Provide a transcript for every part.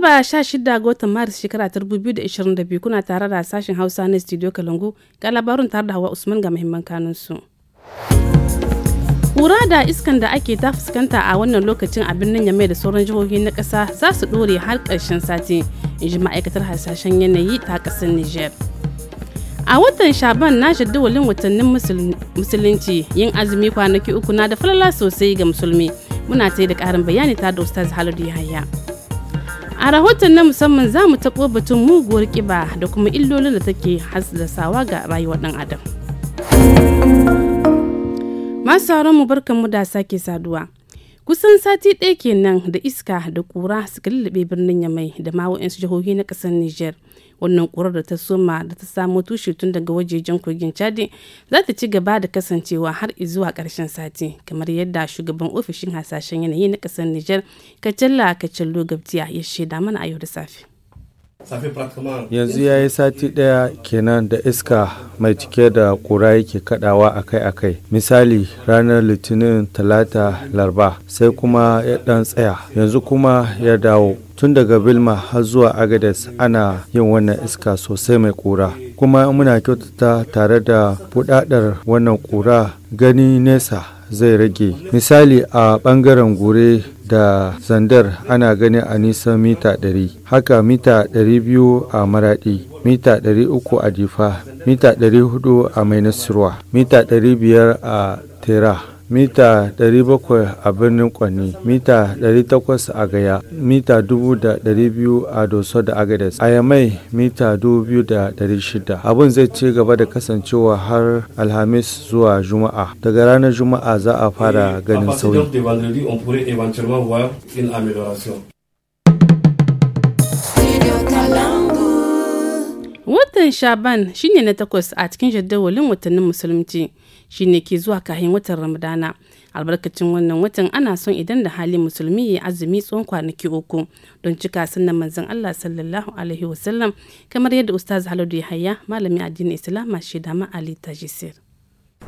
Laraba 16 ga watan Maris shekara 2022 kuna tare da sashen Hausa na Studio kalungu ga labarin tare da Hawa Usman ga muhimman kanunsu. Kura da iskan da ake ta fuskanta a wannan lokacin a birnin Yamai da sauran jihohi na kasa za su dore har karshen sati, in ji ma'aikatar hasashen yanayi ta kasar niger. a watan shaban na jadawalin watannin musulunci yin azumi kwanaki uku na da falala sosai ga musulmi muna ta da karin bayani ta da ustaz halidu yahaya a rahoton na musamman za mu taɓo batun muguwar ƙiba da kuma illolin da take hasasawa ga rayuwar ɗan adam masu mu barkan mu da sake saduwa kusan sati ɗaya kenan da iska da kura suka lullube birnin yamai da ma wa'insu jihohi na ƙasar niger wannan kurar da ta soma da ta samo tushe tun daga wajejen kogin chadi za ta ci gaba da kasancewa har zuwa karshen sati kamar yadda shugaban ofishin hasashen yanayi na ƙasar niger ka kacallo gabtiya ya shaida mana a yau da safe yanzu ya yi sati daya kenan da iska mai cike da kura yake kadawa akai-akai misali ranar litinin talata larba sai kuma ya dan tsaya yanzu kuma ya dawo tun daga bilma har zuwa agades ana yin wannan iska sosai mai kura kuma muna kyautata tare da budadar wannan kura gani nesa zai rage misali a bangaren gure da Zandar ana gani a nisan mita 100, haka mita 200 a maradi mita 300 a jifa mita 400 a Mainasirwa, mita 500 a Tera. mita 700 a birnin Kwani, mita 800 a Gaya, mita 2,200 a Doso da Agades, a Yamai mita 2,600. Abin zai ci gaba da kasancewa har Alhamis zuwa Juma'a. Daga ranar Juma'a za a fara ganin sauyi. Watan Shaban shine na takwas a cikin jadawalin watannin Musulunci. shine ke zuwa kahin watan ramadana albarkacin wannan watan ana son idan da halin musulmi ya azumi tsawon kwanaki uku don cika sunan manzon Allah sallallahu alaihi wasallam kamar yadda ustaz Haladu haya malami addinin Islam shi dama Ali Tajisir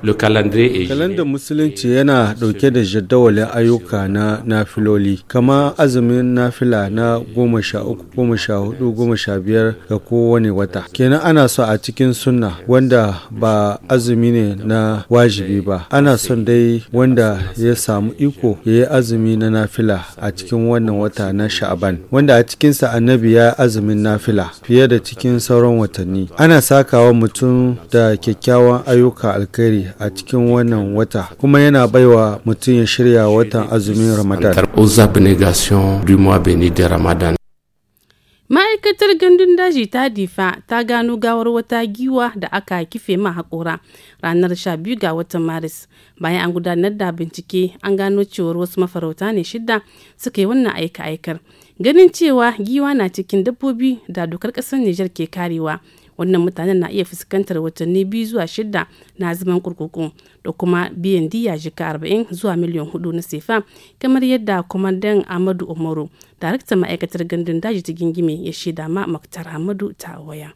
Kalandar Musulunci yana ɗauke da jadawalin ayyuka na nafiloli, kama azumin nafila na goma sha uku, goma sha hudu, goma sha biyar ga kowane wata. Kenan ana so a cikin sunna wanda ba azumi ne na wajibi ba. Ana son dai wanda ya samu iko ya yi azumi na nafila a cikin wannan wata na sha'aban, wanda a cikinsa annabi ya yi azumin nafila fiye da cikin sauran watanni. Ana sakawa mutum da kyakkyawan ayyuka alkhairi a cikin wannan wata kuma yana baiwa mutum ya shirya watan azumin Ramadan. Ma'aikatar gandun daji ta difa ta gano gawar wata giwa da aka kife ma haƙora ranar 12 ga watan Maris. Bayan an gudanar da bincike an gano cewar wasu mafarauta ne shidda suka yi wannan aika-aikar. Ganin cewa giwa na cikin dabbobi da dokar ƙasar Nijar ke karewa. wannan mutanen na iya fuskantar watanni biyu zuwa shida na zaman kurkuku da kuma biyan diya jika arba'in zuwa miliyan hudu na sefa kamar yadda kwamandan amadu umaru daraktan ma'aikatar gandun daji ta gingime ya shaida ma maktar amadu ta waya.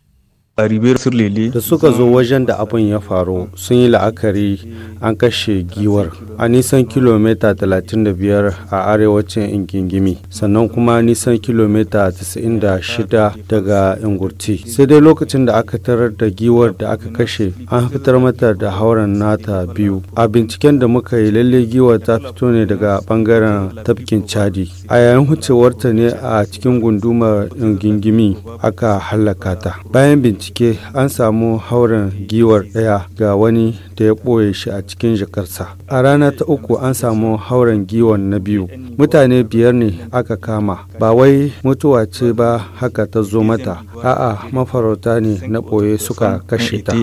da suka zo wajen da abin ya faru sun yi la'akari an kashe giwar a nisan kilomita 35 a arewacin ingingimi sannan kuma nisan kilomita 96 daga ingurti sai dai lokacin da aka tarar da giwar da aka kashe an fitar mata da hauren nata biyu a binciken da muka yi lalle giwar ta fito ne daga bangaren tafkin chadi a yayin wucewarta ne a cikin gundumar ingingimi aka hallaka ta bayan bincike bincike an samu hauren giwar ɗaya ga wani da ya ɓoye shi a cikin jakarsa a rana ta uku an samu hauren giwar na biyu mutane biyar ne aka kama ba wai mutuwa ce ba haka ta zo mata a'a mafarauta ne na ɓoye suka kashe ta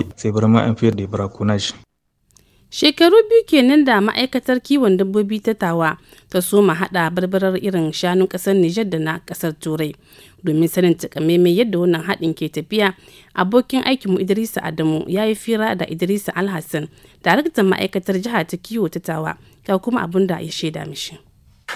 shekaru biyu kenan da ma'aikatar kiwon dabbobi ta tawa ta soma hada barbarar irin shanun kasar nijar da na kasar turai domin sanin takamaimai yadda wannan haɗin ke tafiya abokin aikinmu idrisa adamu ya yi fira da idrisa alhassan daraktan ma'aikatar jiha ta kiwo ta tawa ga kuma abin da ya shaida mishi.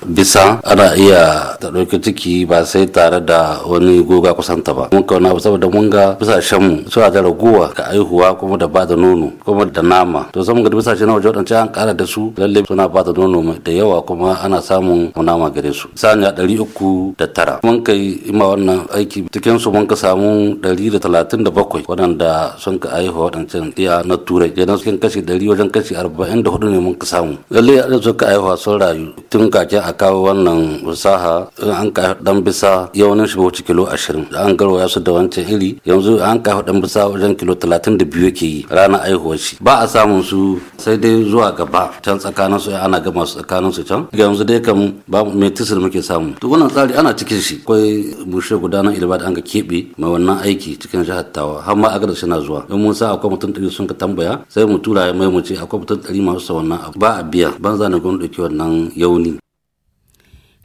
bisa ana iya ta ɗauki ciki ba sai tare da wani goga kusanta ba mun kauna ba saboda mun ga bisashen mu suna da raguwa ga aihuwa kuma da ba da nono kuma da nama to sai mun ga bisashen na waje waɗance an ƙara da su lalle suna ba da nono da yawa kuma ana samun nama gare su sanya ɗari uku da tara mun kai ima wannan aiki cikin su mun ka samu ɗari da talatin da bakwai waɗanda sun ka aihuwa waɗancan iya na turai kenan sun kashi ɗari wajen kashi arba'in da hudu ne mun ka samu lalle sun ka aihuwa sun rayu tun kakin a kawo wannan fasaha in an ka dan bisa yawanin shi wuce kilo 20 an garwaya su da wancan iri yanzu an ka dan bisa wajen kilo 32 yake yi ranar aihuwar shi ba a samun su sai dai zuwa gaba can tsakanin su ana gama su tsakanin su can yanzu dai kam ba me tisir muke samu to wannan tsari ana cikin shi akwai bushe gudanar ilba da an ga keɓe mai wannan aiki cikin jihar tawa har ma agar na zuwa in mun sa akwai mutum ɗari sun ka tambaya sai mu tura mai mu ce akwai mutum ɗari masu sa wannan abu ba a biya banza ne gwamnati ɗauki wannan yauni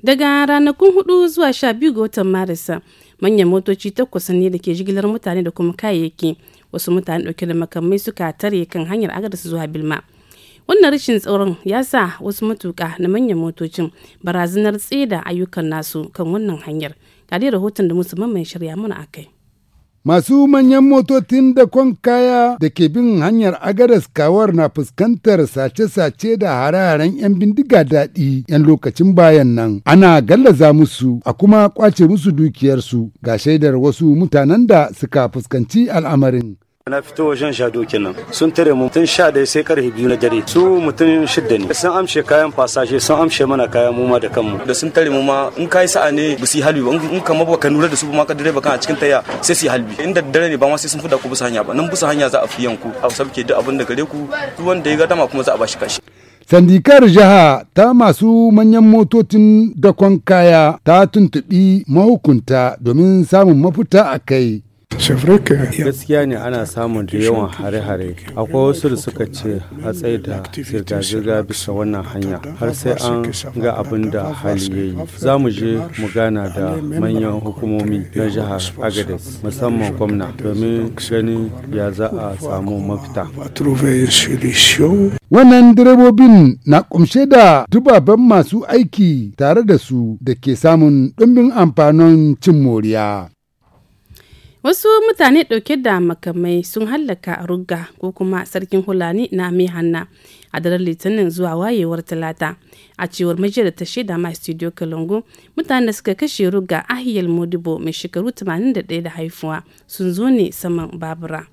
daga ranakun hudu zuwa sha biyu ga watan marisa manyan motoci takwas ne da ke jigilar mutane da kuma kayayyaki wasu mutane dauke da makamai suka tare kan hanyar agarsu zuwa bilma wannan rashin tsoron ya sa wasu matuka na manyan motocin barazanar tseda ayyukan nasu kan wannan hanyar ga rahoton da musamman mai shirya mana akai Masu manyan motocin da kwan kaya da ke bin hanyar agadas kawar na fuskantar sace-sace da hare 'yan bindiga daɗi 'yan lokacin bayan nan. Ana gallaza musu a kuma ƙwace musu dukiyarsu ga shaidar wasu mutanen da suka fuskanci al'amarin. na fito wajen shado kenan sun tare mu tun sha daya sai karfe biyu na dare su mutum shidda ne sun amshe kayan fasashe sun amshe mana kayan mu ma da kanmu da sun tare mu ma in kai sa'a ne ba su yi halbi ba in ka ba ka nura da su ma ka direba kan a cikin taya sai su yi halbi inda dare ne ba ma sai sun fuda ku bisa hanya ba nan bisa hanya za a fi yanku a sabke duk abin da gare ku duk wanda ya ga dama kuma za a bashi kashi sandikar jiha ta masu manyan motocin dakon kaya ta tuntuɓi mahukunta domin samun mafita a kai gaskiya ne ana samun da yawan hare-hare akwai wasu da suka ce a tsaye da zirga-zirga bisa wannan hanya har sai an ga abin da hali ya yi za mu je mu gana da manyan hukumomi na jihar agades musamman gwamna domin ganin ya za a samu mafita wannan direbobin na kumshe da dubaban masu aiki tare da su da ke samun ɗumbin amfanin cin moriya wasu mutane ɗauke da makamai sun hallaka ruga ko kuma sarkin hulani na mai hanna a daren litinin zuwa wayewar talata a cewar majiyar ta shaida ma studio kalungu mutane da suka kashe ruga ahiyar modibo mai shekaru 81 da haifuwa sun zo ne saman babura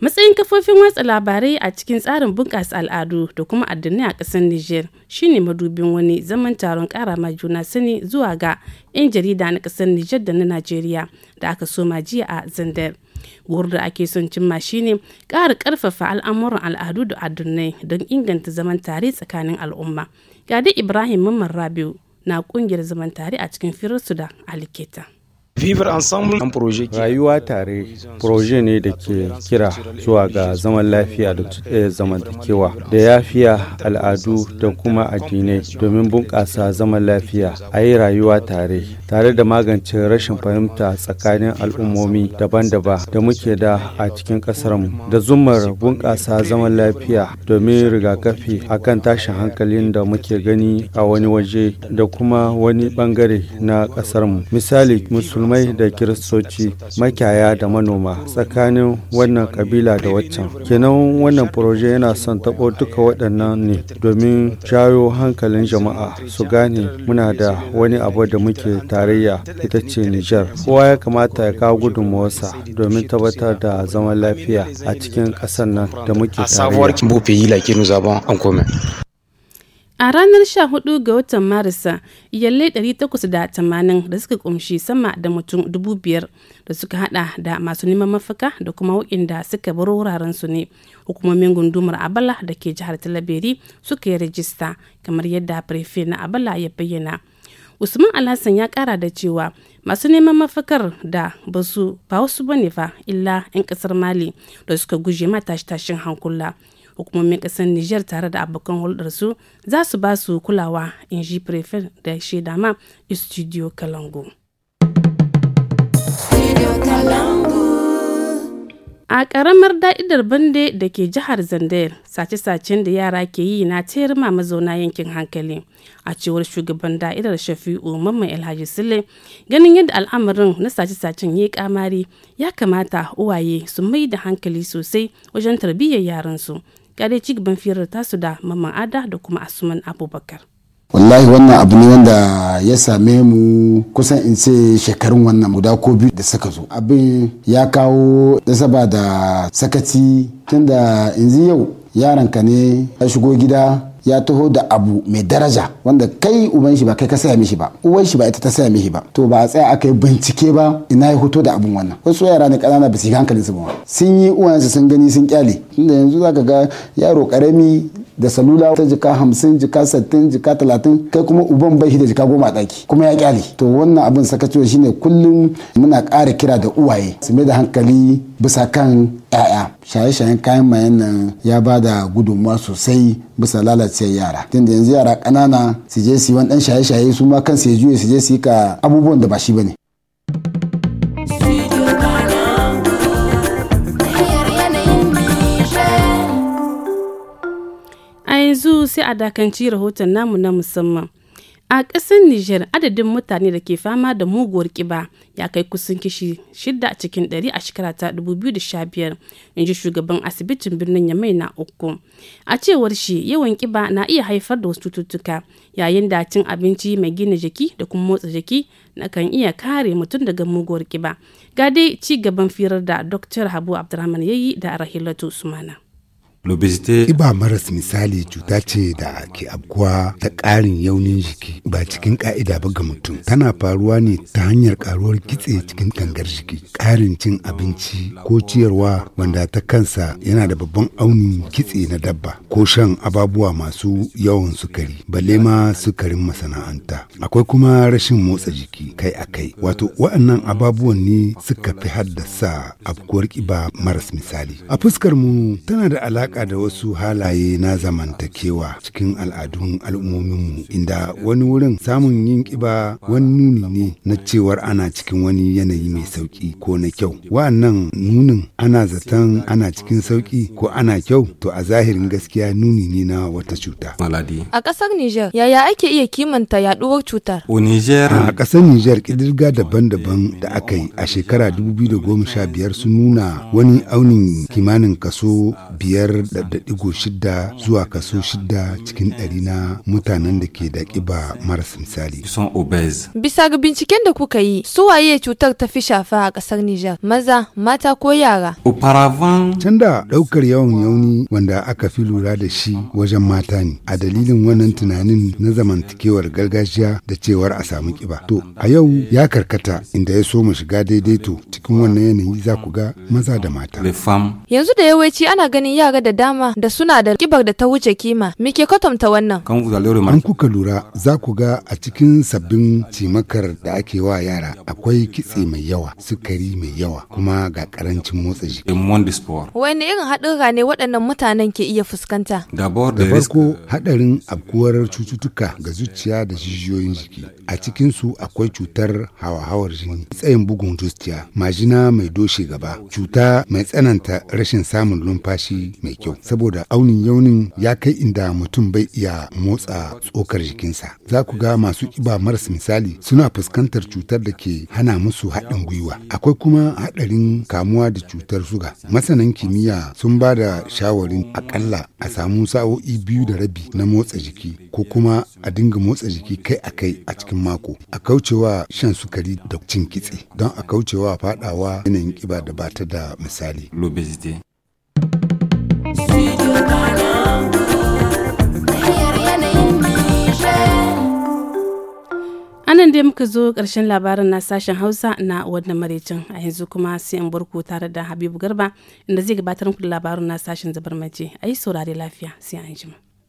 matsayin kafofin watsa labarai a cikin tsarin bunƙasa al'adu da kuma addinai a ƙasar niger shine madubin wani zaman taron ƙara ma juna sani zuwa ga 'yan jarida na ƙasar niger da na najeriya da aka soma jiya a zandar gurin da ake son cimma shine ƙara ƙarfafa al'amuran al'adu da addinai don inganta zaman tare tsakanin al'umma gadi ibrahim mamman rabiu na ƙungiyar zaman tare a cikin firarsu da aliketa Vivre ensemble Rayuwa tare proje ne da ke kira zuwa ga zaman lafiya da eh, zamantakewa da yafiya al'adu da kuma addinai domin bunƙasa zaman lafiya a yi rayuwa tare tare da magance rashin fahimta tsakanin al'ummomi daban-daban da muke da a cikin ƙasarmu da zumar bunƙasa zaman lafiya domin rigakafi a kan tashin hankalin da muke gani a wani waje da kuma wani bangare na ƙasarmu misali musulmi musulmai da kiristoci makiyaya da manoma tsakanin wannan kabila da waccan kenan wannan proje yana son tabo duka waɗannan ne domin jawo hankalin jama'a su gane muna da wani abu da muke tarayya ita ce nijar kowa ya kamata ya kawo gudunmawarsa domin tabbatar da zaman lafiya a cikin ƙasar nan da muke tarayya A ranar 14 ga watan Marisa, iyalai 880 da suka kumshi sama da mutum 5,000 da suka hada da masu neman mafaka da kuma waɗanda suka bar wuraren su ne. Hukumomin gundumar Abala da ke jihar Talabiri suka yi rajista kamar yadda prefe na Abala ya bayyana. Usman Alhassan ya kara da cewa masu neman mafakar da ba su ba wasu bane fa illa 'yan kasar Mali da suka guje ma tashin hankula. hukumomin ƙasar niger tare da abokan hulɗarsu za su ba su kulawa in ji prefer da shaidama studio kalango a ƙaramar da'idar bande da ke jihar zandayar sace-sacen da yara ke yi na tayar ma mazauna yankin hankali a cewar shugaban da'idar shafi'u mamman alhaji sule ganin yadda al'amarin na sace-sacen ya kamari ya kamata uwaye su mai da hankali sosai wajen tarbiyyar yaransu gare ci gaban firar tasu da mamman ada da kuma asuman abubakar wallahi wannan abu ne wanda ya same mu kusan in ce shekarun wannan guda ko biyu da suka zo abin ya kawo nasaba da sakaci tunda yanzu yau yaranka ne ya shigo gida ya taho da abu mai daraja wanda kai uban shi ba kai ka saya mishi ba uwan shi ba ita ta saya mishi ba to ba a tsaya aka yi bincike ba ina ya hoto da abun wannan wasu yara ne kanana ba su hankalin su ba sun yi uwansu sun gani sun kyale tunda yanzu zaka ga yaro karami da salula ta jika hamsin jika sattin jika talatin kai kuma uban bai shi da jika goma a ɗaki kuma ya kyale to wannan abin sakacewa shine kullum muna ƙara kira da uwaye su mai da hankali bisa kan 'ya'ya shaye-shayen kayan mayan nan ya ba da gudunmuwa sosai bisa lalace yara tunda yanzu yara ƙanana su je su yi wani ɗan shaye-shaye su ma kan su juye su je su yi ka abubuwan da ba shi ba ne. a yanzu sai a dakanci rahoton namu na musamman A ƙasar Nijar adadin mutane da ke fama da muguwar ƙiba ya kai kusan kishi shida cikin ɗari a shekara ta 2015 in ji shugaban asibitin birnin Yamai na uku. A cewar shi yawan ƙiba na iya haifar da wasu cututtuka yayin da cin abinci mai gina jiki da kuma motsa jiki na kan iya kare mutum daga muguwar ƙiba. Ga dai ci gaban firar da Dr. Habu Abdurrahman yayi da Rahilatu usmana Obesity. Iba maras misali cuta ce da ke abkuwa ta ƙarin yaunin jiki ba cikin ƙa'ida ba ga mutum. Tana faruwa ne ta hanyar ƙaruwar kitse cikin gangar jiki, ƙarin cin abinci ko ciyarwa wanda ta kansa yana da babban aunin kitse na dabba ko shan ababuwa masu yawan sukari, balle ma sukarin masana'anta. Akwai kuma rashin motsa jiki kai a kai. Wato waɗannan ababuwan ne suka fi haddasa abkuwar ƙiba maras misali. A fuskar mu tana da alaƙa alaƙa da wasu halaye na zamantakewa cikin al'adun al'ummominmu inda wani wurin samun yin ƙiba wani nuni ne na cewar ana cikin wani yanayi mai sauki ko na kyau. Wa'annan nunin ana zaton ana cikin sauki ko ana kyau to a zahirin gaskiya nuni ne na wata cuta. A ƙasar Nijar yaya ake iya kimanta yaɗuwar cutar? A ƙasar Nijar kidirga daban-daban da aka yi a shekara sha biyar sun nuna wani aunin kimanin kaso biyar shidda zuwa kaso shidda cikin ɗari na mutanen da ke da ƙiba maras misali. Bisa ga binciken da kuka yi, su waye cutar ta fi shafa a ƙasar Nijar, maza, mata ko yara? Can da ɗaukar yawan yauni wanda aka fi lura da shi wajen mata ne, a dalilin wannan tunanin na zamantakewar gargajiya da cewar a samu ƙiba. To, a yau ya karkata inda ya so mu shiga daidaito cikin wannan yanayi za ku ga maza da mata. Yanzu da yawanci ana ganin yara da da dama da suna da kibar da ta wuce kima. Me ke kwatanta wannan? An kuka lura za ku ga a cikin sabbin cimakar da ake wa yara akwai kitse mai yawa, sukari mai yawa, kuma ga karancin motsa jiki. Wani irin haɗura ne waɗannan mutanen ke iya fuskanta? Da farko haɗarin abkuwar cututtuka ga zuciya da jijiyoyin jiki. A cikin su akwai cutar hawa-hawar jini, tsayin bugun zuciya, majina mai doshe gaba, cuta mai tsananta rashin samun numfashi mai kyau saboda aunin yaunin ya kai inda mutum bai iya motsa tsokar jikinsa za ku ga masu ƙiba maras misali suna fuskantar cutar da ke hana musu haɗin gwiwa akwai kuma haɗarin kamuwa da cutar suga masanan kimiyya sun ba da shawarin akalla a samu sa'o'i biyu da rabi na motsa jiki ko kuma a dinga motsa jiki kai a kai a cikin mako a kaucewa shan sukari da cin kitse don a kaucewa faɗawa yanayin kiba da ba ta da misali. anan dai muka zo ƙarshen labarin na sashen hausa na wannan maraicin a yanzu kuma sai in tare da habibu garba inda zai gabatar muku da labarin na sashen zabar mace a yi saurare lafiya sai an